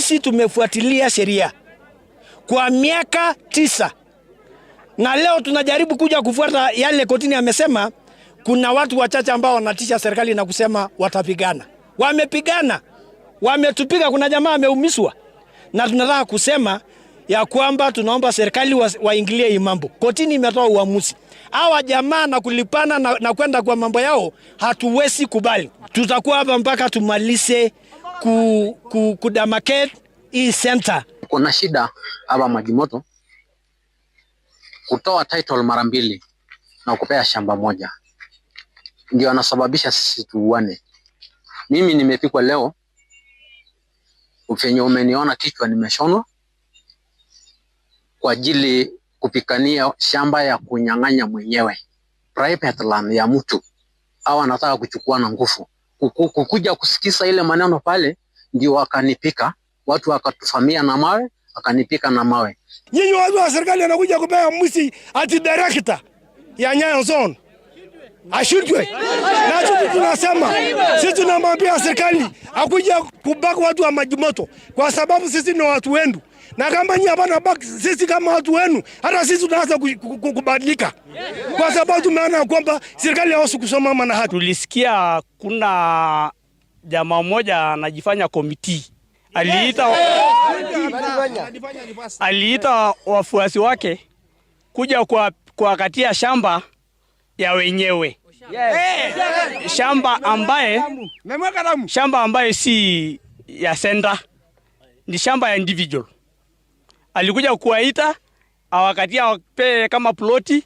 sisi tumefuatilia sheria kwa miaka tisa na leo tunajaribu kuja kufuata yale kotini. Amesema kuna watu wachache ambao wanatisha serikali na kusema watapigana. Wamepigana, wametupiga. Kuna jamaa ameumiswa, na tunataka kusema ya kwamba tunaomba serikali waingilie hii mambo. Kotini imetoa uamuzi, hawa jamaa na kulipana na, na kwenda kwa mambo yao hatuwezi kubali. Tutakuwa hapa mpaka tumalize ku, ku, hii center. Kuna shida hapa Majimoto kutoa title mara mbili na kupea shamba moja, ndio anasababisha sisi tuuane. Mimi nimepikwa leo, ufenye umeniona kichwa nimeshonwa kwa ajili kupikania shamba ya kunyang'anya mwenyewe private land ya mtu, au anataka kuchukua na nguvu kukuja kusikiza ile maneno pale, ndio wakanipika watu wakatufamia na mawe, akanipika na mawe. Nyinyi watu wa serikali wanakuja kupea msi ati director ya nyayo Zone ashindwe. Nacho tunasema sisi, tunamwambia serikali akuja kubaka watu wa Majimoto kwa sababu sisi ni watu wenu, na kama nyinyi hapana baki sisi kama watu wenu, hata sisi tunaanza kubadilika kwa sababu tumeona kwamba serikali hawasi kusoma na haki. Tulisikia kuna jamaa mmoja anajifanya komiti aliita aliita wafuasi wake kuja kuwakatia shamba ya wenyewe yes. Hey, shamba ambaye shamba ambaye si ya senda, ni shamba ya individual. Alikuja kuwaita awakati awape kama ploti,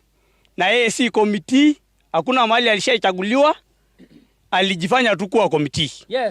na yeye si komiti, hakuna mali alishachaguliwa, alijifanya tu kuwa komiti yes.